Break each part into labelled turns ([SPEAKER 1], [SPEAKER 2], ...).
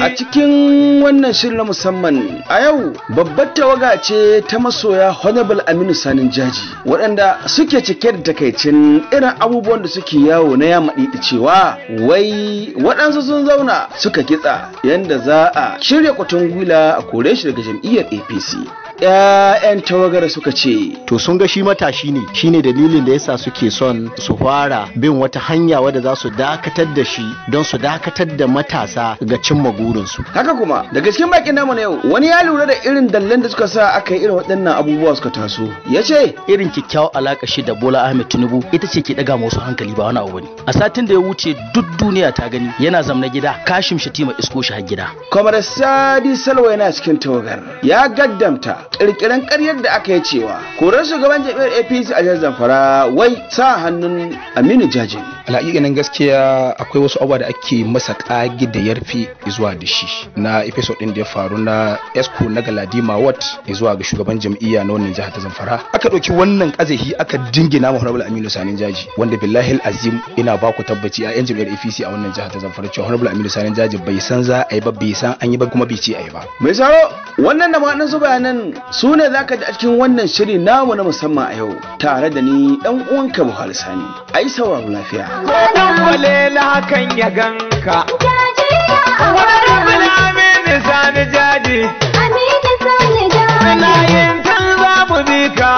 [SPEAKER 1] A
[SPEAKER 2] cikin wannan shirin na musamman a yau babbar tawaga ce ta masoya Honorable Aminu Sanin Jaji waɗanda suke cike da takaicin irin abubuwan da suke yawo na yama cewa wai waɗansu sun zauna suka kitsa yanda
[SPEAKER 3] za a shirya kwatan gwila a kore shi daga jam'iyyar APC. 'ya'yan tawagar suka ce to sun ga shi matashi ne shine dalilin da yasa suke son su fara bin wata hanya wadda za su dakatar da shi don su dakatar da matasa ga cimma burinsu haka kuma
[SPEAKER 4] da gaskin bakin namu
[SPEAKER 3] na yau wani ya lura da irin dallan da suka sa aka yi irin waɗannan
[SPEAKER 4] abubuwa suka taso ya ce irin kyakkyawar alaƙa shi da bola ahmed tinubu ita ce ke ɗaga masu hankali ba wani abu bane a satin da ya wuce duk duniya ta gani yana zamna gida kashim shatima isko shi har gida
[SPEAKER 2] kamar sadi salwa yana cikin tawagar ya gaddamta kirkiran karyar da aka yi cewa korar shugaban jami'ar apc a jihar zamfara wai sa hannun aminu jaji
[SPEAKER 5] nan gaskiya akwai wasu abubuwa da ake masa ƙagi da yarfi zuwa da shi na episode ɗin da ya faru na esco na galadima wat zuwa ga shugaban jami'a na wannan jihar ta zamfara aka ɗauki wannan ƙazahi aka dingina ma honorable aminu sanin jaji wanda billahi azim ina ba ku tabbaci a yan jam'iyyar apc a wannan jihar ta zamfara cewa honorable aminu sanin jaji bai san za a yi ba bai san an yi ba kuma bai ce a yi ba mai saro wannan da ma'anar su bayanan su ne za ka ji a cikin
[SPEAKER 2] wannan shiri namu na musamman a yau tare da ni dan uwanka buhari sani a yi sauraro lafiya
[SPEAKER 1] ko dan balela hakan ya ganka wani bulami ne sani jaji amini sani jaji ana yin za mu bi ka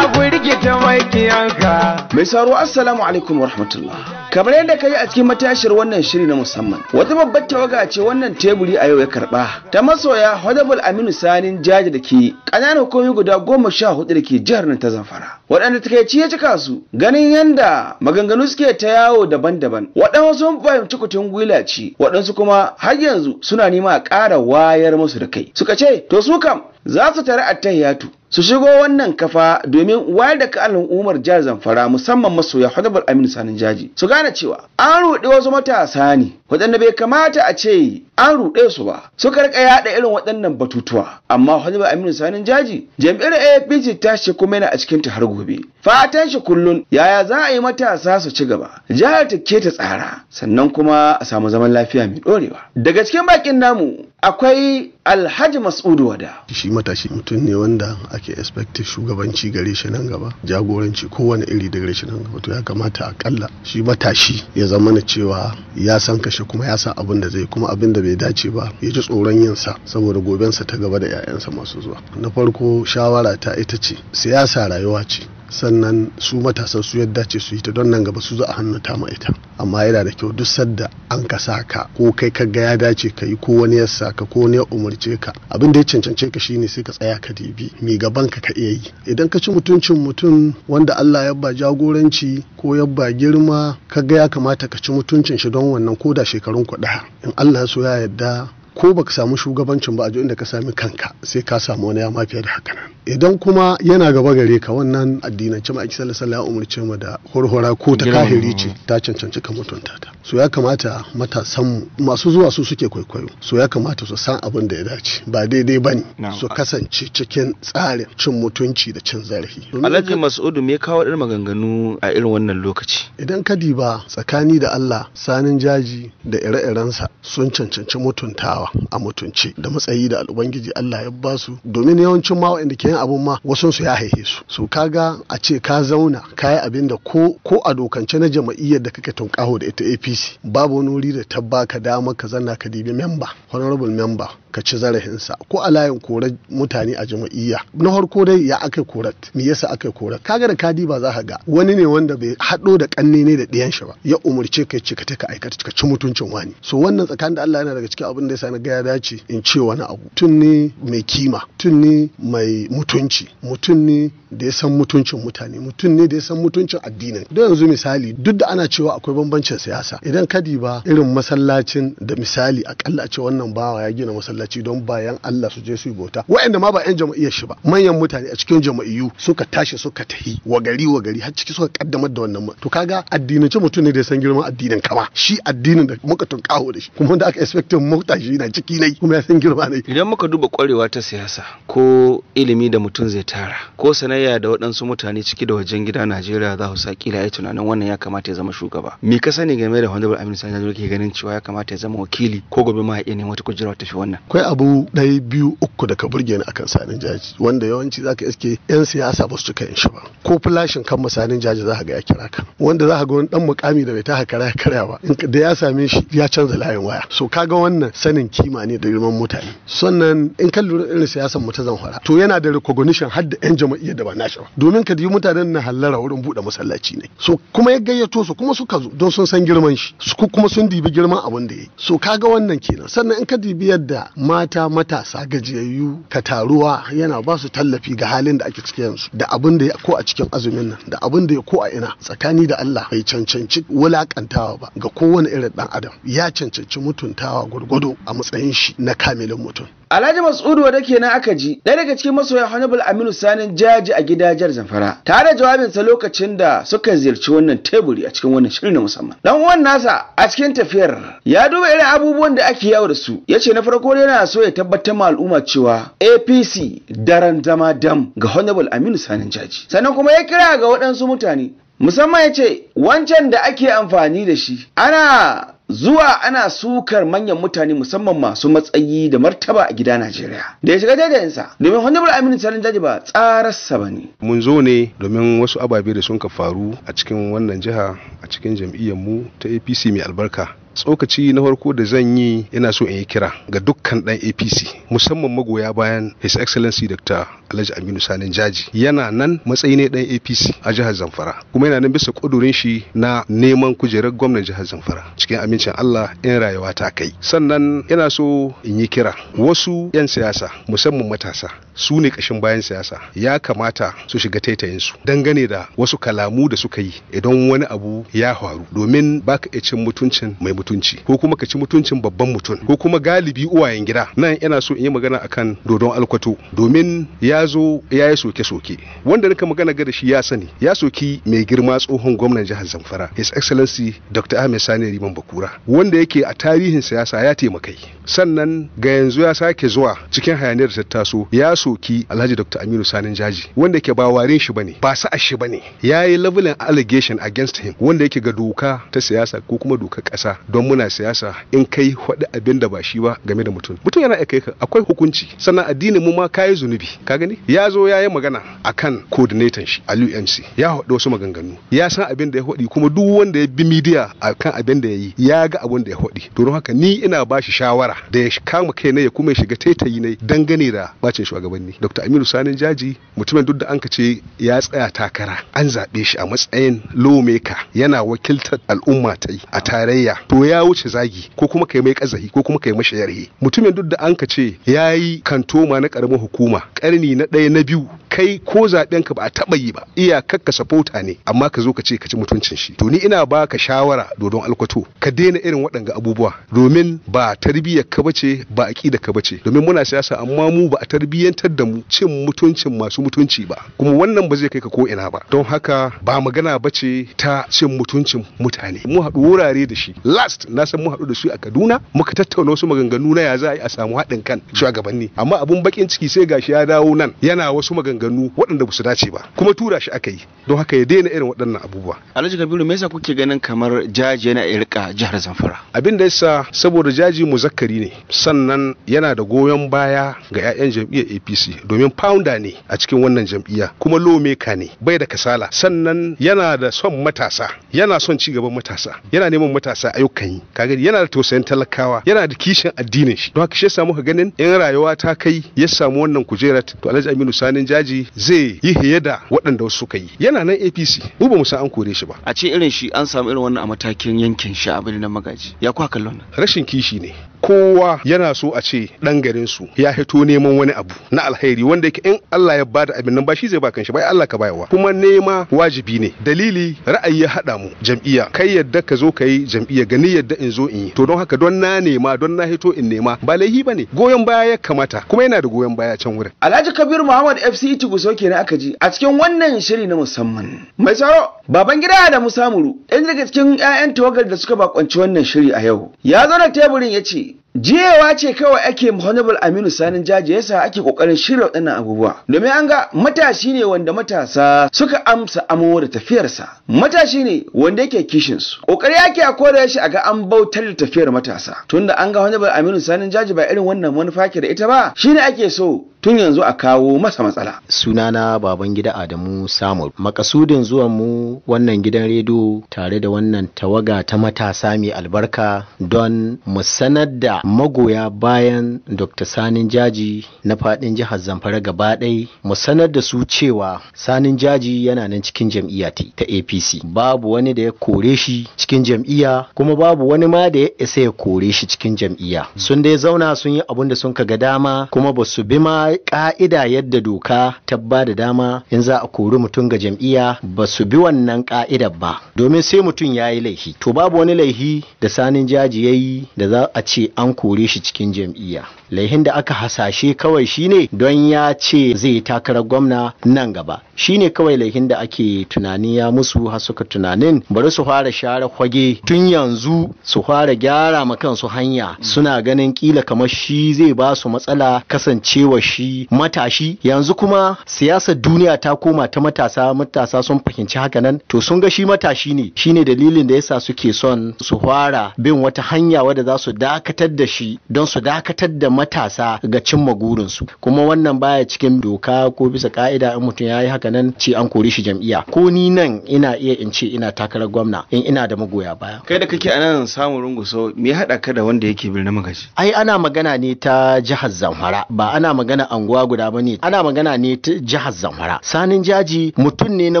[SPEAKER 2] makiyanka makiyanka mai sauro assalamu alaikum rahmatullah kamar yadda ka yi a cikin matashiyar wannan shiri na musamman wata babbar tawaga ce wannan teburi a yau ya karba ta masoya hodabul aminu sanin jaji da ke ƙananan hukumomi guda goma sha hudu da ke jihar nan ta zamfara waɗanda takaici ya cika su ganin yanda maganganu suke ta yawo daban-daban waɗansu sun fahimci kutun gwila ce waɗansu kuma har yanzu suna nema a ƙara wayar musu da kai suka ce to su kam za su tare hiyatu. su shigo wannan kafa domin wayar da ka al'ummar jihar zamfara musamman masoya hudabar aminu sanin jaji su gane cewa an ruɗe wasu matasa ne waɗanda bai kamata a ce an ruɗe su ba Su karka yaɗa irin waɗannan batutuwa amma hudabar aminu sanin jaji jam'iyyar apc ta shi kuma yana a cikin ta har gobe fatan shi kullun yaya za a yi matasa su ci gaba jihar ta ke ta tsara sannan kuma a samu zaman lafiya mai ɗorewa. daga cikin bakin namu akwai alhaji mas'udu wada
[SPEAKER 6] shi matashi mutum ne wanda ake expecti shugabanci gare shi nan gaba jagoranci kowane iri da gare shi nan gaba to ya kamata akalla shi matashi ya zama na cewa ya san kashe kuma ya san abin da zai kuma abin da bai dace ba ya ji tsoron yin sa saboda gobensa ta gaba da 'ya'yansa masu zuwa na farko shawara ta ita ce siyasa rayuwa ce sannan su matasan su yadda ce su yi ta don nan gaba su za a hannu ta ita amma yana da kyau duk sadda an ka sa ka ko kai ka ga ya dace ka yi ko wani ya sa ka ko wani ya umarce ka abin da ya cancance ka shine sai ka tsaya ka dibi mai gaban ka ka iya yi idan ka ci mutuncin mutum wanda Allah ya ba jagoranci ko ya ba girma ka ga ya kamata ka ci mutuncin shi don wannan ko da shekarun ku in Allah ya so ya yadda. ko baka samu shugabancin ba a inda ka sami kanka sai ka samu wani ya mafiya da haka nan idan kuma yana gaba gare ka wannan addinance ma'aiki sallallahu alaihi umarce mu da horhora ko ta kahiri ce ta cancanci ka mutunta ta so ya kamata matasan masu zuwa su suke kwaikwayo so ya kamata su san abin da ya dace ba daidai bane su kasance cikin tsarin cin mutunci da cin zarafi alhaji
[SPEAKER 2] mas'udu me kawo irin maganganu a irin wannan lokaci
[SPEAKER 6] idan ka diba tsakani da Allah sanin jaji da ire-irensa sun cancanci mutuntawa a mutunci da matsayi da al'ubangiji Allah ya ba su domin yawancin ma waɗanda ke yin abun ma wasu su ya haihe su so ga a ce ka zauna ka yi abin da ko a dokance na jama'iyyar da kake tunkaho da ita APC babu wani wuri da ta baka dama ka zanna ka dibi memba honorable memba. ka ci zarafinsa ko a layin korar mutane a jama'iyya na farko dai ya aka korat me yasa aka korat kaga da kadi ba za ka ga wani ne wanda bai haɗo da kanne ne da ɗiyan shi ba ya umurce ka ci ka ta aikata ka ci mutuncin wani so wannan tsakanin da Allah yana daga cikin abin da yasa na ga ya dace in ce wani abu tun ne mai kima tun ne mai mutunci mutun ne da ya san mutuncin mutane mutun ne da ya san mutuncin addinin don yanzu misali duk da ana cewa akwai bambancin siyasa idan kadi ba irin masallacin da misali akalla a ce wannan bawa ya gina masallaci masallaci don bayan Allah su je su yi bauta waɗanda ma ba 'yan jama'iyyar shi ba manyan mutane a cikin jama'iyyu suka tashi suka tahi wa gari wa gari har ciki suka kaddamar da wannan to kaga addinance mutum ne da san girman addinin kama shi addinin da muka kawo da shi kuma da aka expectin mota shi na ciki nai kuma ya san girma ne
[SPEAKER 2] idan muka duba kwarewa ta siyasa ko ilimi da mutum zai tara ko sanayya da waɗansu mutane ciki da wajen gida Najeriya za su sa kila yi tunanin wannan ya kamata ya zama shugaba me ka sani game da Honorable Aminu Sani ke ganin cewa ya kamata ya zama wakili ko gobe ma ya iya neman
[SPEAKER 6] wata kujera ta fi wannan akwai abu ɗaya biyu uku da ka burge ni akan sanin jaji wanda yawanci zaka iske yan siyasa ba su cika yin shi ba ko flashin kan masanin jaji za ga ya kira ka wanda za ga wani dan mukami da bai ta hakara ya karya ba da ya same shi ya canza layin waya so ga wannan sanin kima ne da girman mutane sannan in ka lura irin siyasan mu ta fara. to yana da recognition har da yan jama'iyyar da ba shi ba domin ka ji mutanen na hallara wurin buɗe masallaci ne so kuma ya gayyato su kuma suka zo don sun san girman shi su kuma sun dibi girman abin da ya yi so kaga wannan kenan sannan in ka dibi yadda mata matasa gajiyayyu ka taruwa yana ba su tallafi ga halin da ake ciki yanzu da abin da ya ko a cikin azumin nan da abin da ya ko a ina tsakani da Allah bai cancanci wulakantawa ba ga kowane irin dan adam ya cancanci mutuntawa gwargwado a matsayin shi na kamilin mutum
[SPEAKER 2] Alhaji Mas'udu wanda kenan aka ji ɗaya daga cikin masoya Hannibal Aminu Sanin Jaji a jar Zamfara tare jawabinsa lokacin da suka ziyarci wannan teburi a cikin wannan shirin na musamman. Dan uwan nasa a cikin tafiyar ya duba irin abubuwan da ake yawo da su ya ce na farko yana so ya tabbatar ma al'umma cewa APC daren zama dam ga Hannibal Aminu Sanin Jaji. Sannan kuma ya kira ga waɗansu mutane musamman ya ce wancan da ake amfani da shi ana zuwa ana sukar manyan mutane musamman masu matsayi da martaba a gida Najeriya da ya shiga daidayinsa
[SPEAKER 7] domin Honorable Aminu Salim ba tsararsa ba ne. Mun zo ne domin wasu ababe da sun ka faru a cikin wannan jiha a cikin jam'iyyar mu ta APC mai albarka tsokaci na farko da zan yi ina so in yi kira ga dukkan ɗan apc musamman magoya bayan his excellency dr alhaji aminu sanin jaji yana nan matsayi ne dan apc a jihar zamfara kuma yana nan bisa kudurin shi na neman kujerar gwamnan jihar zamfara cikin amincin allah in rayuwa ta kai sannan ina so in yi kira wasu yan siyasa musamman matasa su ne kashin bayan siyasa ya kamata su shiga taitayin su dangane da wasu kalamu da suka yi idan wani abu ya faru domin baka iya cin mutuncin mai mutunci mutunci ko kuma ka ci mutuncin babban mutum ko kuma galibi uwayen gida nan yana so in yi magana akan dodon alkwato domin ya zo ya yi soke-soke wanda nika magana ga da shi ya sani ya soki mai girma tsohon gwamnan jihar zamfara his excellency dr ahmed sani riman bakura wanda yake a tarihin siyasa ya taimakai sannan ga yanzu ya sake zuwa cikin hayaniyar tattaso ya soki alhaji dr aminu sanin jaji wanda yake ba warin shi bane ba sa'a shi bane ya yi levelin allegation against him wanda yake ga doka ta siyasa ko kuma doka kasa don muna siyasa in kai faɗi abin da ba shi ba game da mutum mutum yana aika ka akwai hukunci sannan addinin mu ma kai zunubi ka gani ya zo ya yi magana akan coordinator shi a UNC ya haɗu wasu maganganu ya san abin da ya faɗi kuma duk wanda ya bi media akan abin da ya yi ya ga abin da ya faɗi to don haka ni ina ba shi shawara da ya kama kai ne ya kuma shiga taitayi ne dangane da bacin shugabanni Dr. Aminu Sanin Jaji mutumin duk da an ka ce ya tsaya takara an zaɓe shi a matsayin lawmaker yana wakiltar al'umma ta yi a tarayya to to ya wuce zagi ko kuma kai mai kazahi ko kuma kai mashi yarhe mutumin duk da an ka ce yi kantoma na karamin hukuma karni na ɗaya na biyu kai ko zaben ka ba a taba yi ba iya kakka sapota ne amma ka zo ka ce ka ci mutuncin shi to ni ina baka shawara dodon alkwato ka daina irin waɗanga abubuwa domin ba tarbiyyar ka bace ba aqida ka bace domin muna siyasa amma mu ba a tarbiyyantar da mu cin mutuncin masu mutunci ba kuma wannan ba zai kai ka ko ina ba don haka ba magana bace ta cin mutuncin mutane mu haɗu wurare da shi la past na san mun haɗu da su a Kaduna muka tattauna wasu maganganu na ya za a yi a samu haɗin kan shugabanni amma abun bakin ciki sai gashi ya dawo nan yana wasu maganganu waɗanda ba su dace ba kuma tura shi aka yi don haka ya daina irin waɗannan abubuwa
[SPEAKER 2] Alhaji Kabiru me yasa kuke ganin
[SPEAKER 7] kamar jaji yana irka jihar Zamfara abin da yasa saboda jaji muzakkari ne sannan yana da goyon baya ga 'ya'yan jam'iyyar APC domin founder ne a cikin wannan jam'iyya kuma lawmaker ne bai da kasala sannan yana da son matasa yana son ci gaban matasa yana neman matasa ayyuka kan yi kaga yana da tausayin talakawa yana da kishin addinin shi don haka shi samu ka ganin in rayuwa ta kai ya samu wannan kujerar to Alhaji Aminu Sanin Jaji zai yi hiyada da waɗanda wasu suka yi yana nan APC mu ba mu san an kore shi ba
[SPEAKER 2] a ce irin shi an samu
[SPEAKER 7] irin wannan a matakin yankin shi a birnin magaji ya kwa kallon rashin kishi ne kowa yana so a ce ɗan garin su ya hito neman wani abu na alheri wanda yake in Allah ya bada abin nan ba shi zai ba kanshi ba Allah ka bayarwa kuma nema wajibi ne dalili ra'ayi ya hada mu jam'iyya kai yadda ka zo kai jam'iyya gani yadda in zo in yi to don haka don na nema don na hito in nema ba laihi bane goyon baya ya kamata kuma yana da goyon baya can wurin
[SPEAKER 2] Alhaji Kabir Muhammad FC Tuguso kenan aka ji a cikin wannan shiri na musamman mai tsaro baban gida da musamuru ɗaya daga cikin 'ya'yan tawagar da suka bakwanci wannan shiri a yau ya zo na teburin ya ce jiyewa ce kawai ake muhannabal aminu sanin jaji yasa ake kokarin shirya waɗannan abubuwa domin an ga matashi ne wanda matasa suka amsa amo da tafiyarsa matashi ne wanda yake kishin su kokari ake a koda shi a ga an bautar da tafiyar matasa tunda an ga honorable aminu sanin jaji ba irin wannan manufa ke da ita ba shine ake so tun yanzu a kawo masa matsala.
[SPEAKER 3] Sunana baban gida Adamu Samuel. Makasudin zuwan mu wannan gidan rediyo tare da wannan tawaga ta matasa mai albarka don mu sanar da magoya bayan Dr. Sanin Jaji na fadin jihar Zamfara gaba ɗai mu sanar da su cewa Sanin Jaji yana nan cikin jam'iyya ta APC. Babu wani da ya kore shi cikin jam'iyya kuma babu wani ma da ya isa ya kore shi cikin jam'iyya. Sun dai zauna sun yi abun da sun ka ga dama kuma ba su bi ma ka'ida yadda doka ta ba da dama in za a kori mutum ga jam'iyya ba su bi wannan ka'idar ba domin sai mutum ya yi laifi to babu wani laifi da sanin jaji ya yi da za a ce an kore shi cikin jam'iyya laihin da aka hasashe kawai shine don ya ce zai takarar gwamna nan gaba shine kawai laihin da ake tunani ya musu har suka tunanin bari su fara share kwage tun yanzu su fara gyara ma kansu hanya suna ganin kila kamar shi zai ba su matsala kasancewa shi matashi yanzu kuma siyasar duniya ta koma ta matasa matasa sun fahimci haka nan to sun ga shi matashi ne shine dalilin da yasa suke son su fara bin wata hanya wadda za su dakatar da shi don su dakatar da matasa ga cimma su kuma wannan baya cikin doka ko bisa ka'ida in mutum ya yi haka nan ce an kori shi jam'iyya ko ni nan ina iya in ce ina takarar gwamna in ina da magoya baya
[SPEAKER 2] kai da kake anan samun runguso me ya haɗa ka da wanda yake birnin magaji
[SPEAKER 3] ai ana magana ne ta jihar zamfara ba ana magana anguwa guda ba ne ana magana ne ta jihar zamfara sanin jaji mutum ne na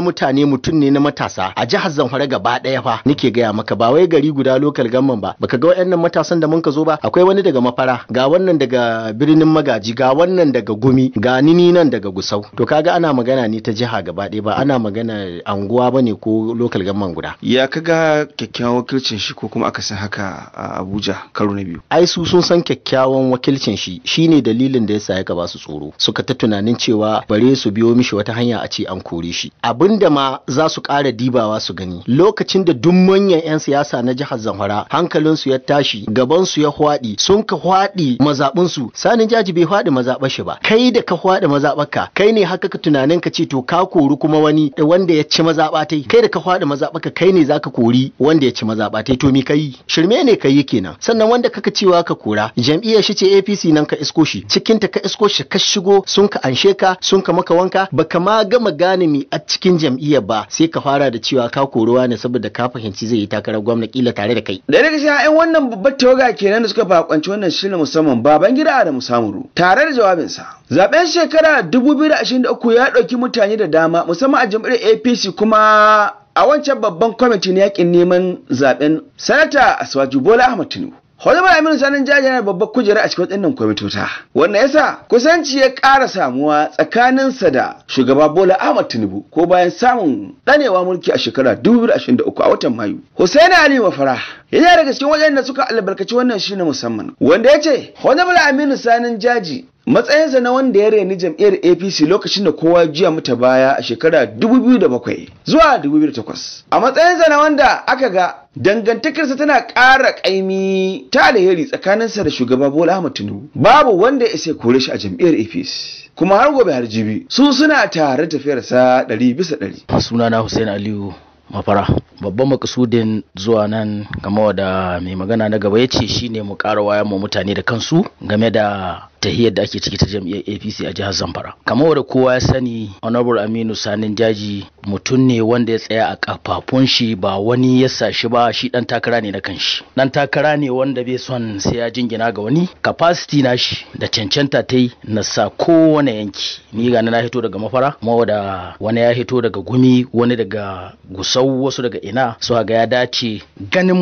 [SPEAKER 3] mutane mutum ne na matasa a jihar zamfara gaba ɗaya fa nake gaya maka ba wai gari guda lokal gamman ba baka ga wayannan matasan da mun ka zo ba akwai wani daga mafara ga wannan daga daga birnin magaji ga wannan daga gumi ga nini nan daga gusau to kaga ana magana ne ta jiha gaba ɗaya ba ana magana anguwa ba ne ko lokal gamman guda
[SPEAKER 2] ya kaga
[SPEAKER 3] kyakkyawan wakilcin shi ko kuma aka san haka a abuja karo na biyu ai su sun san kyakkyawan wakilcin shi shine dalilin da yasa ya ba su tsoro suka ta tunanin cewa bare su biyo mishi wata hanya a ce an kore shi abinda ma za su ƙara dibawa su gani lokacin da duk manyan 'yan siyasa na jihar zamfara su ya tashi gabansu ya hwaɗi sun ka hwaɗi mazaɓi mazaɓin su sanin jaji bai faɗi ba shi ba kai da ka faɗi maza ka kai ne haka ka tunanin ka ce to ka kori kuma wani wanda ya ci mazaɓa tai kai da ka faɗi maza ka kai ne zaka kori wanda ya ci mazaɓa tai to mi kai shirme ne kai kenan sannan wanda kaka cewa ka kora jam'iyyar shi ce APC nan ka isko shi cikin ta ka isko shi ka shigo sun ka anshe ka sun ka maka wanka baka ma gama gane mi a cikin jam'iyyar ba sai ka fara da cewa ka koruwa ne saboda ka fahimci zai yi takarar gwamna kila tare da kai
[SPEAKER 2] da daga 'yan wannan babbar tawaga kenan da suka bakonci wannan shirin musamman baba Babangida Adamu Samuru tare da jawabinsa. Zaben shekara 2023 ya ɗauki mutane da dama musamman a jam'iyyar APC kuma a wancan babban kwamitin yakin neman zaben Sanata Aswaju Bola Ahmad Tinubu. Honorable Aminu Sanin Jaji yana babbar kujera a cikin waɗannan kwamitota. Wannan yasa kusanci ya ƙara samuwa tsakanin sa da shugaba Bola Ahmad Tinubu ko bayan samun danewa mulki a shekara 2023 a watan Mayu. Hussein Ali Mafara yana daga cikin da suka albarkaci wannan shi na musamman wanda ya ce Honorable Aminu Sanin Jaji matsayinsa na wanda ya reni jam'iyyar apc lokacin da kowa jiya mata baya a shekara 2007 zuwa 2008 a matsayinsa na wanda aka ga dangantakarsa tana ƙara ƙaimi ta alheri sa da shugaba bola ahmad tinubu babu wanda ya isa kore shi a jam'iyyar apc kuma har gobe har jibi su suna tare
[SPEAKER 4] tafiyarsa ɗari bisa ɗari. sunana Hussein Aliyu mafara babban makasudin zuwa nan game da mai magana na gaba ya ce shine mu ƙara wayar mu mutane da kansu game da tahiyar da ake ciki ta jam'iyyar apc a jihar zamfara kamar da kowa ya sani honorable aminu sanin jaji mutum ne wanda ya tsaya a kafafun shi ba wani ya sa shi ba shi dan takara ne na kanshi dan takara ne wanda bai son sai ya jingina ga wani capacity na shi da cancanta ta yi na sa kowane yanki ni ga na hito daga mafara kuma da wani ya hito daga gumi wani daga gusau wasu daga ina su ga ya dace ganin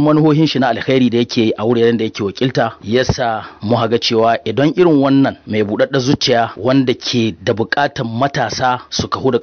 [SPEAKER 4] manhohin shi na alkhairi da yake a wuraren da yake wakilta yasa mu haga cewa cewa idan irin wannan mai buɗaɗɗa zuciya wanda ke da buƙatan matasa su kahu da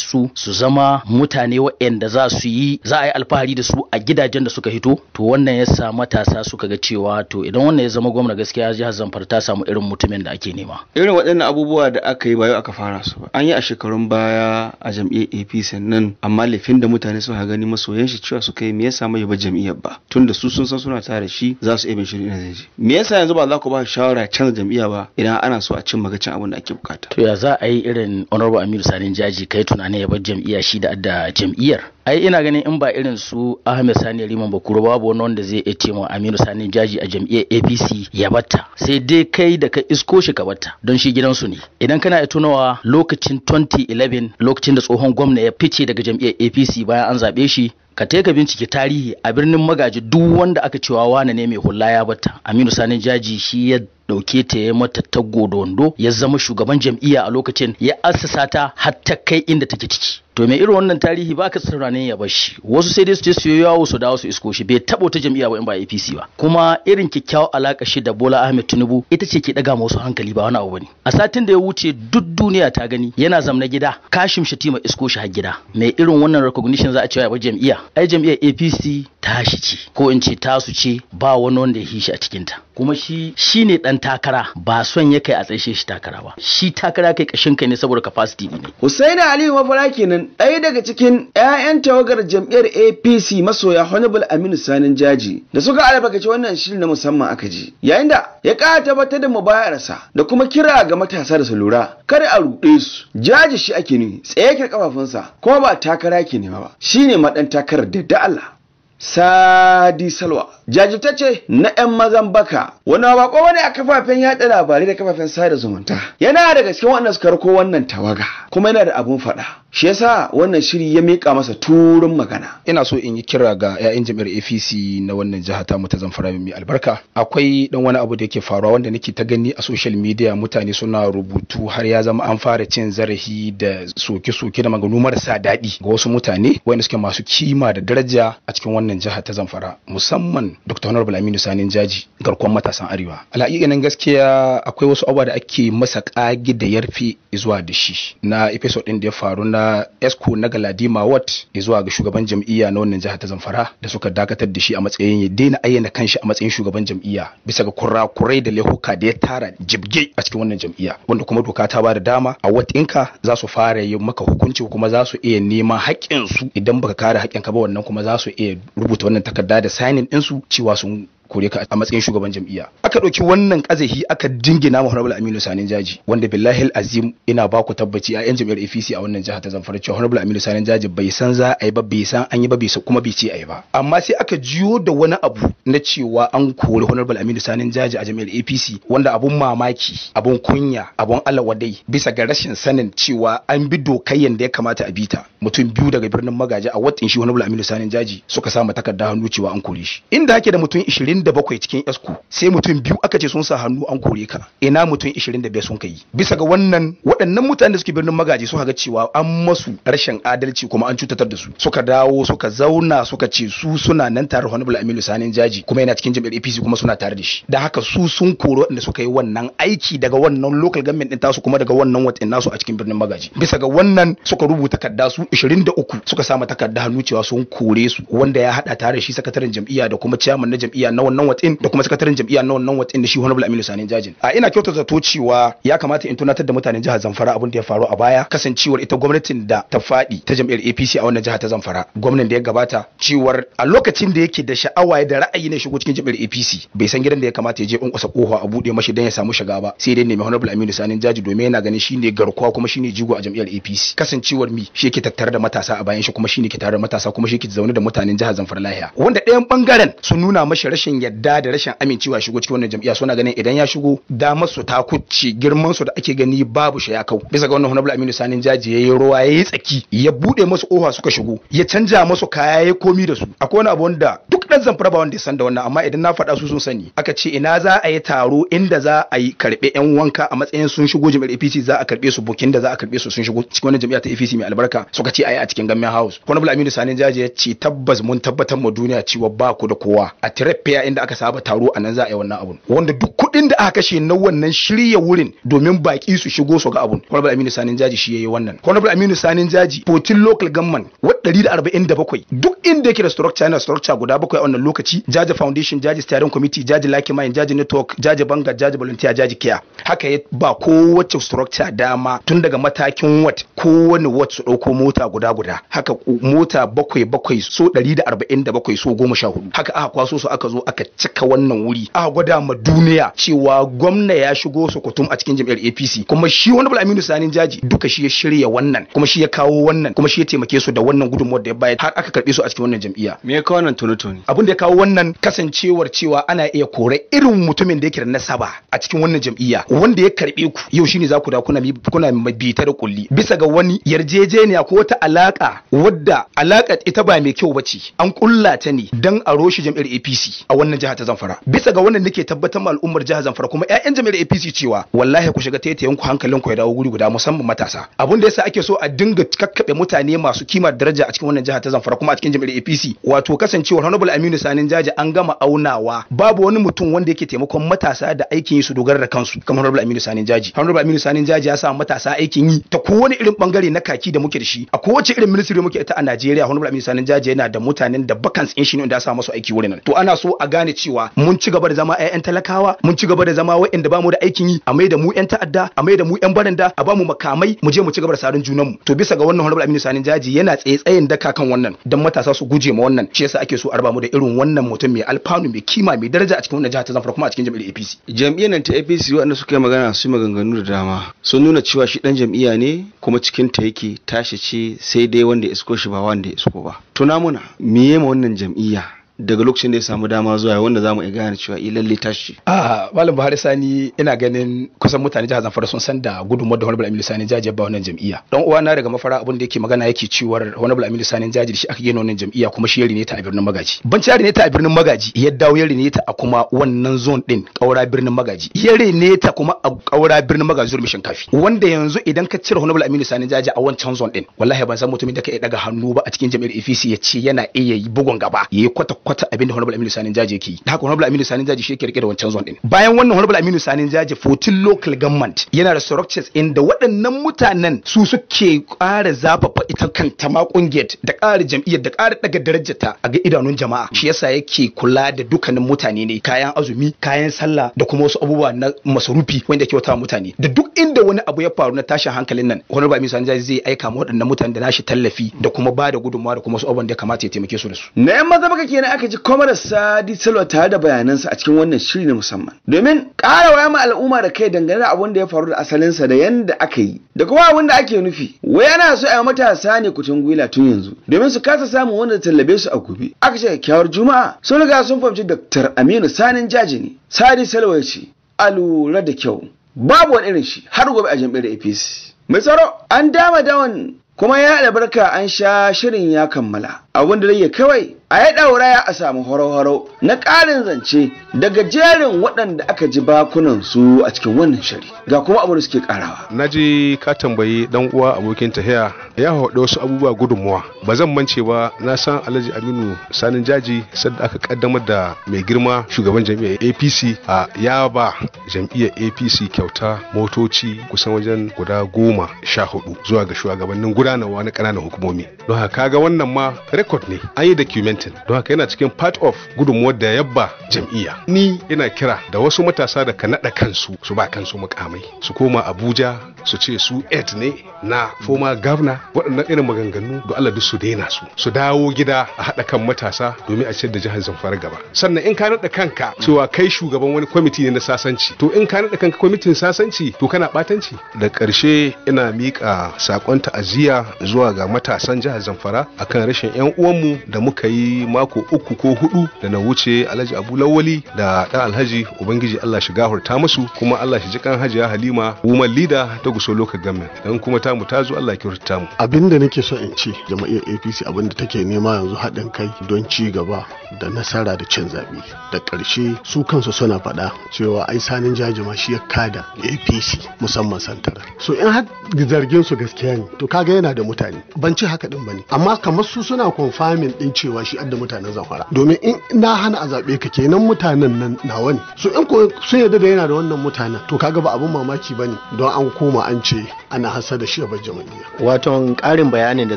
[SPEAKER 4] su su zama mutane waɗanda za su yi za a yi alfahari da su a gidajen da suka hito to wannan ya sa matasa suka ga cewa to idan wannan ya zama gwamna gaskiya jihar Zamfara ta samu irin mutumin da ake nema
[SPEAKER 2] irin waɗannan abubuwa da aka yi ba yau aka fara su an yi a shekarun baya a jam'iyyar APC sannan amma laifin da mutane suka gani masoyan shi cewa suka yi me yasa mai ba jam'iyyar ba tunda su sun san suna tare shi za su iya bin shirin me yasa yanzu ba
[SPEAKER 4] za ku ba shawara fara canza jam'iyya ba idan ana so a cimma gacin abin da ake bukata to ya za a yi irin honorable Aminu sanin jaji kai tunani ya bar jam'iyya shi da adda jam'iyyar ai ina ganin in ba irin su ahmed sani riman bakuru babu wani wanda zai iya ce aminu sani jaji a jam'iyyar apc ya bata. sai dai kai da ka isko shi ka bata, don shi gidansu ne idan kana iya tunawa lokacin 2011 lokacin da tsohon gwamna ya fice daga jam'iyyar apc bayan an zaɓe shi ka te ka bincike tarihi a birnin magaji duk wanda aka cewa wane ne mai hula ya bata aminu sani jaji shi ya dauke ta ya mata tago da wando ya zama shugaban jam'iyya a lokacin ya assasa ta har ta kai inda take ciki to mai irin wannan tarihi ba ka sauranin ya bashi wasu sai dai su je su yawo su dawo su isko shi bai tabo ta jam'iyya ba in ba APC ba kuma irin kyakkyawar alaka shi da Bola Ahmed Tinubu ita ce ke daga musu hankali ba wani abu bane a satin da ya wuce duk duniya ta gani yana zamna gida Kashim Shatima isko shi har gida mai irin wannan recognition za a cewa ya bar jam'iyya ai jam'iyyar APC tashi ce ko in ce tasu ce ba wani wanda ya shi a cikin ta. kuma shi shi ne dan takara ba son ya kai a tsaye shi takara ba shi takara kai kashin kai ne saboda capacity ne
[SPEAKER 2] Husaini Aliyu Mafara kenan ɗaya daga cikin 'ya'yan tawagar jam'iyyar APC masoya Honorable Aminu Sanin Jaji da suka albarkaci wannan shirin na musamman aka ji yayin da ya ƙara tabbatar da mubayarsa da kuma kira ga matasa da su lura kada a ruɗe su jaji shi ake ne tsaye kafafunsa kuma ba takara ke nema ba shine ma ɗan takarar da Allah Sadi Salwa jajirtacce na 'yan mazan baka wani bako wani a kafafen yaɗa labarai da kafafen sada zumunta yana daga cikin waɗanda suka rako wannan tawaga
[SPEAKER 5] kuma yana da abun faɗa shi yasa wannan shiri ya miƙa masa turun magana ina so in yi kira ga 'ya'yan jami'ar APC na wannan jiha ta ta zamfara mai albarka akwai ɗan wani abu da yake faruwa wanda nake ta gani a social media mutane suna rubutu har ya zama an fara cin zarafi da soke-soke da maganu marasa daɗi ga wasu mutane wanda suke masu kima da daraja a cikin wannan wannan jiha ta zamfara musamman dr honorable aminu sanin jaji garkon matasan arewa alhaƙiƙanin gaskiya akwai wasu abubuwa da ake masa ƙagi da yarfi zuwa da shi na episode ɗin da ya faru na esco na galadima wat zuwa ga shugaban jam'iyya na wannan jiha ta zamfara da suka dakatar da shi a matsayin ya daina ayyana kanshi a matsayin shugaban jam'iyya bisa ga kurakurai da laifuka da ya tara jibge a cikin wannan jam'iyya wanda kuma doka ta ba da dama a watinka za su fara yi maka hukunci kuma za su iya neman haƙƙinsu idan baka kare haƙƙinka ba wannan kuma za su iya rubuta wannan takarda da signing ɗinsu cewa sun kore ka a matsayin shugaban jam'iyya aka ɗauki wannan ƙazahi aka dingina ma honorable aminu sanin jaji wanda billahi azim ina ba ku tabbaci a yan jam'iyyar apc a wannan jihar ta zamfara cewa honorable aminu sanin jaji bai san za a yi ba bai san an yi ba bai kuma bai ce a yi ba amma sai aka jiyo da wani abu na cewa an kori honorable aminu sanin jaji a jami'ar apc wanda abun mamaki abun kunya abun alawadai bisa ga rashin sanin cewa an bi dokayyan da ya kamata a bita mutum biyu daga birnin magaji a watan shi honorable aminu sanin jaji suka samu takarda hannu cewa an kore shi inda ake da mutum 27 cikin esku sai mutum biyu aka ce sun sa hannu an kore ka ina mutum 25 sun kai bisa ga wannan waɗannan mutanen da suke birnin magaji suka ga cewa an masu rashin adalci kuma an cutatar da su suka dawo suka zauna suka ce su suna nan tare da Honorable Aminu Sanin Jaji kuma yana cikin jami'ar APC kuma suna tare da shi da haka su sun koro waɗanda suka yi wannan aiki daga wannan local government din tasu kuma daga wannan watin nasu a cikin birnin magaji bisa ga wannan suka rubuta takarda su 23 suka sa takarda hannu cewa sun kore su wanda ya hada tare da shi sakataren jam'iyya da kuma chairman na jam'iyya na wannan watin da kuma sakataren jam'iyya na wannan watin da shi honorable Aminu sanin Jajin a ina kyautata zato cewa ya kamata in tunatar da mutanen jihar Zamfara abin da ya faru a baya kasancewar ita gwamnatin da ta faɗi ta jam'iyyar APC a wannan jihar ta Zamfara gwamnan da ya gabata cewar a lokacin da yake da sha'awa da ra'ayi ne shigo cikin jam'iyyar APC bai san gidan da ya kamata ya je in kusa kofa a bude mashi dan ya samu shiga ba sai dai nemi honorable Aminu Sani Jaji domin yana ganin shine garkuwa kuma shine jigo a jam'iyyar APC kasancewar mi shi yake tattare da matasa a bayan shi kuma shine ke tare da matasa kuma shi yake zaune da mutanen jihar Zamfara lahiya wanda ɗayan bangaren sun nuna mashi rashin yadda da rashin amincewa shigo cikin wannan jam'iyya suna ganin idan ya shigo da masu ta kucce girman su da ake gani babu shi ya kau bisa ga wannan honorable Aminu Sanin Jaji yayi ruwa yayi tsaki ya bude masu kofa suka shigo ya canja masu kaya yayi komi da su akwai wani abu wanda duk dan fara ba wanda ya san da wannan amma idan na faɗa su sun sani aka ce ina za a yi taro inda za a yi karɓe yan wanka a matsayin sun shigo jami'ar APC za a karɓe su bukin da za a karɓe su sun shigo cikin wannan jami'a ta APC mai albarka suka ce a yi a cikin gamin house bula Aminu Sani Jaji ya ce tabbas mun tabbatar mu duniya cewa ba ku da kowa a Tirepia inda aka saba taro a nan za a yi wannan abun wanda duk kuɗin da aka kashe na wannan shirya wurin domin baki su shigo su ga abun bula Aminu Sani Jaji shi yayi wannan bula Aminu Sani Jaji 14 local government 147 duk inda yake da structure yana structure guda bakwai a wannan lokaci jaji foundation jaji steering committee jaji laki mind jaji network jaji banga jaji volunteer jaji kiya haka ya ba kowace structure dama tun daga matakin wat kowane wat su dauko mota guda guda haka mota bakwai bakwai so 147 so 14 haka aka kwaso su aka zo aka cika wannan wuri aka gwada ma duniya cewa gwamna ya shigo kutum a cikin jam'iyyar APC kuma shi wani Aminu Sani Jaji duka shi ya shirya wannan kuma shi ya kawo wannan kuma shi ya taimake su da wannan gudunmuwar da ya bayar har aka karbe su a cikin wannan jam'iyya
[SPEAKER 1] me
[SPEAKER 2] ya
[SPEAKER 5] kawo wannan tunutuni abin da ya kawo wannan kasancewar cewa ana iya kore irin mutumin da yake da nasaba a cikin wannan jam'iyya wanda ya karbe ku yau shine za ku da kuna kuna bita da kulli bisa ga wani yarjejeniya ko wata alaka wadda alaka ita ba mai kyau bace an kulla ta ne dan a roshi jam'iyyar APC a wannan jiha ta Zamfara bisa ga wannan nake tabbatar ma al'ummar jihar Zamfara kuma ƴaƴan jam'iyyar APC cewa wallahi ku shiga taitayen ku hankalin ku ya dawo guri guda musamman matasa abin da yasa ake so a dinga kakkabe mutane masu kima daraja a cikin wannan jiha ta Zamfara kuma a cikin jam'iyyar APC wato kasancewar honorable Aminu Sanin Jaji an gama aunawa babu wani mutum wanda yake taimakon matasa da aikin yi su dogara da kansu kamar Honorable Aminu Sanin Jaji Honorable Aminu Sanin Jaji ya sa matasa aikin yi ta kowane irin bangare na kaki da muke da shi a kowace irin ministry muke ita a Najeriya Honorable Aminu Sanin Jaji yana da mutanen da bakans in shi ne da ya sa masu aiki wurin nan to ana so a gane cewa mun ci gaba da zama ƴaƴan talakawa mun ci gaba da zama waɗanda ba mu da aikin yi a mai da mu ƴan ta'adda a mai da mu ƴan baranda a ba mu makamai mu je mu ci gaba da sarin mu to bisa ga wannan Honorable Aminu Sanin Jaji yana tsaye tsayin daka kan wannan dan matasa su guje ma wannan shi yasa ake so a raba mu da irin wannan mutum mai alfanu mai kima mai daraja a cikin wannan jihar ta Zamfara kuma a cikin jam'iyyar APC
[SPEAKER 2] jam'iyyar nan ta APC waɗanda suka yi magana su maganganu da dama sun nuna cewa shi dan jam'iyya ne kuma cikin ta yake tashi ce sai dai wanda ya isko shi ba wanda ya isko ba tuna muna me ma wannan jam'iyya daga lokacin da ya samu dama zuwa wanda za mu iya gane cewa eh, lalle tashi. A
[SPEAKER 5] ah, Malam Buhari Sani ina ganin kusan mutane jihar Zamfara sun san da gudunmuwar da Honorable Aminu Sani Jaji ba wannan jam'iyya. Don uwa na daga mafara abin da yake magana yake cewar Honorable Aminu Sani Jaji shi aka gina wannan jam'iyya kuma shi ya rine ta a birnin Magaji. Ban ci rine ta a birnin Magaji ya dawo ya rine ta a kuma wannan zone din kaura birnin Magaji. Ya rine ta kuma a kaura birnin Magaji zurmi shinkafi. Wanda yanzu idan ka cire Honorable Aminu Sani Jaji a wancan zone din wallahi ban san mutumin da ka daga hannu ba a cikin jam'iyyar APC ya ce yana iya bugun gaba ya yayi kwata kwata abin da honorable aminu sanin jaji yake da haka honorable aminu sanin jaji shi yake rike da wancan zone din bayan wannan honorable aminu sanin jaji 14 local government yana da structures inda waɗannan mutanen su suke ƙara zafafa ita kanta ma kungiyar da ƙara jam'iyyar da ƙara daga ta a ga idanun jama'a shi yasa yake kula da dukkanin mutane ne kayan azumi kayan sallah da kuma wasu abubuwa na masarufi wanda ke wata mutane da duk inda wani abu ya faru na tashin hankalin nan honorable aminu sanin jaji zai aika ma waɗannan mutanen da nashi tallafi da kuma ba da gudunmawa da kuma wasu abubuwan da ya kamata ya taimake su da su na yan maza baka kenan ka ji kwamar Sadi Salwa tare da bayanansa a cikin wannan shiri na musamman. Domin ƙara
[SPEAKER 2] waya ma al'umma da kai dangane da abin da ya faru da asalinsa da yanda aka yi. Da kuma abin da ake nufi, wai ana so a yi matasa ne kutun gwila tun yanzu, domin su kasa samun wanda da tallabe su a gobe. Aka ce kyakkyawar Juma'a sun riga sun fahimci Dr. Aminu Sanin Jajini. Sadi Salwa ya ce, a lura da kyau. Babu wani irin shi har gobe a jam'iyyar APC. Mai tsaro an dama dawon kuma ya barka an sha shirin ya kammala abin da ya kawai a ya ɗauraya a samu horo-horo na ƙarin zance daga jerin waɗanda aka ji bakunan su a cikin wannan shari ga kuma abin da suke ƙarawa.
[SPEAKER 7] na ji ka tambayi dan uwa abokin tahiya ya haɗa wasu abubuwa gudunmuwa ba zan mance ba na san alhaji aminu sanin jaji sadda aka kaddamar da mai girma shugaban jam'iyyar apc a ya ba jam'iyyar apc kyauta motoci kusan wajen guda goma sha hudu zuwa ga shugabannin gudanarwa na ƙananan hukumomi don haka kaga wannan ma rekod ne an yi document don haka yana cikin part of gudunmuwar da yabba jam'iyya ni ina kira da wasu matasa da ka naɗa kansu su ba kansu mukamai su koma abuja su ce su et ne na former governor waɗannan irin maganganu da Allah duk su daina su su dawo gida a haɗa kan matasa domin a ciyar da jihar zamfara gaba sannan in ka naɗa kanka cewa kai shugaban wani kwamiti ne na sasanci to in ka naɗa kanka kwamitin sasanci to kana batanci. da ƙarshe ina miƙa saƙon ta'aziyya zuwa ga matasan jihar zamfara akan rashin 'yan uwanmu da muka yi yi mako uku ko hudu da na wuce alhaji abu lawali da dan alhaji ubangiji allah shiga hurta masu, kuma allah shi ji kan hajiya halima woman leader ta guso lokacin gamin dan kuma ta zo allah hurta mu
[SPEAKER 6] abinda nake so in ce jama'iyyar apc abin abinda take nema yanzu haɗin kai don ci gaba da nasara da cin zaɓe da ƙarshe su kansu suna faɗa cewa ai sanin jajima shi ya kada apc musamman santara so in har zargin su gaskiya ne to kaga yana da mutane ban ci haka din ne. amma kamar su suna confirming ɗin cewa shi da mutanen zamfara domin in na hana a zaɓe ka kenan mutanen nan nawa ne so in ko sun yarda da yana da wannan mutanen to kaga ba abin mamaki bane don an koma an ce ana hasa da shi a bar jama'iyya
[SPEAKER 3] waton ƙarin bayanin da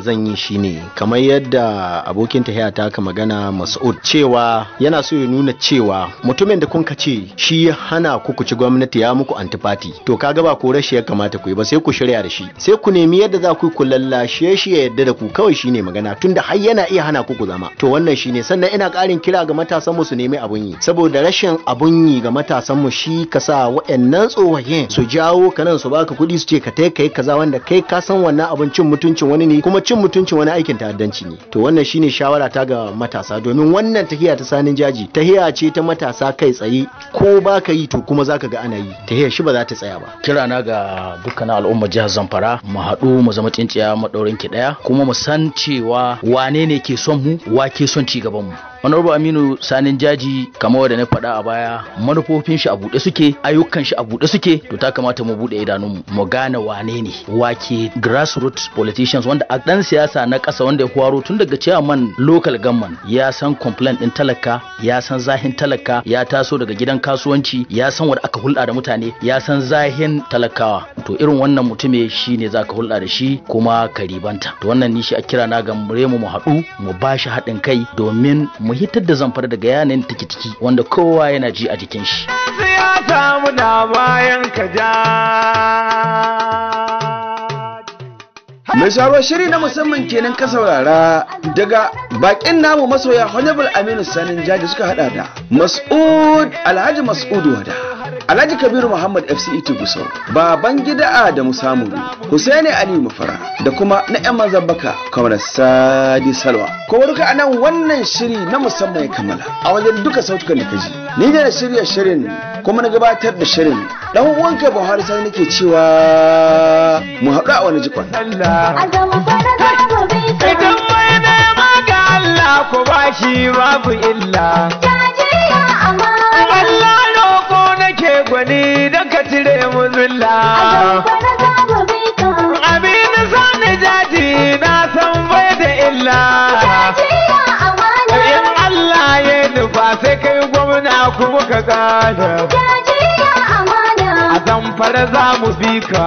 [SPEAKER 3] zan yi shine kamar yadda abokin tahiya ta ka magana Mas'ud cewa yana so ya nuna cewa mutumin da kun ce shi hana ku ku ci gwamnati ya muku antipati to kaga ba ko rashi ya kamata ku yi ba sai ku shirya da shi sai ku nemi yadda za ku yi ku lallashe shi ya yarda da ku kawai shi ne magana tunda har yana iya hana ku ku zama to wannan shine sannan ina ƙarin kira ga matasan mu su nemi abun yi saboda rashin abun yi ga matasan mu shi ka sa waɗannan tsohayen su jawo ka nan su baka kuɗi su ce ka tai kai kaza wanda kai ka san wannan abun cin mutuncin wani ne kuma cin mutuncin wani aikin ta'addanci ne to wannan shine shawara ta ga matasa domin wannan tahiya ta sanin jaji tahiya ce ta matasa kai tsaye ko baka yi to kuma zaka ga ana yi
[SPEAKER 4] tahiyar shi ba za ta tsaya ba kira na ga dukkanin al'umma jihar Zamfara mu haɗu mu zama tsinciya maɗaurin ki ɗaya kuma mu san cewa wane ne ke son mu wake isso antiga, bom. honorable aminu sanin jaji kamar wanda na faɗa a baya manufofin shi a buɗe suke ayyukan shi a buɗe suke to ta kamata mu buɗe idanun mu gane wane ne wake grassroots politicians wanda a ɗan siyasa na ƙasa wanda ya kwaro tun daga chairman local government ya san complaint ɗin talaka ya san zahin talaka ya taso daga gidan kasuwanci ya san wanda aka hulɗa da mutane ya san zahin talakawa to irin wannan mutume shi ne za ka hulɗa da shi kuma ka ribanta to wannan ni shi a kira na ga mu haɗu mu ba haɗin kai domin mu hitar da zamfara daga yanayin take ciki wanda kowa yana ji a jikin shi
[SPEAKER 1] muna bayan
[SPEAKER 2] mai saro shiri na musamman kenan ka saurara daga bakin namu masoya honorable aminu sanin jaji suka hada da mas'ud alhaji mas'ud wada Alhaji Kabiru Muhammad FCE Gusau, Baban da Musamu, Husaini Ali Mufara da kuma na 'yan mazabaka kamar Sadi Salwa. Ko duka anan wannan shiri na musamman ya kammala a wajen duka sautukan da kaji. Ni da shirya shirin kuma na gabatar da shirin dan uwanka Buhari sai nake cewa mu haɗu a wani jikon.
[SPEAKER 1] Idan ga Allah ku bashi babu illa. ke gwani da ka cire mu zulla abin da jaji na san bai da illa in Allah ya dufa sai kai gwamna kuma ka kada a zamfara za mu bi ka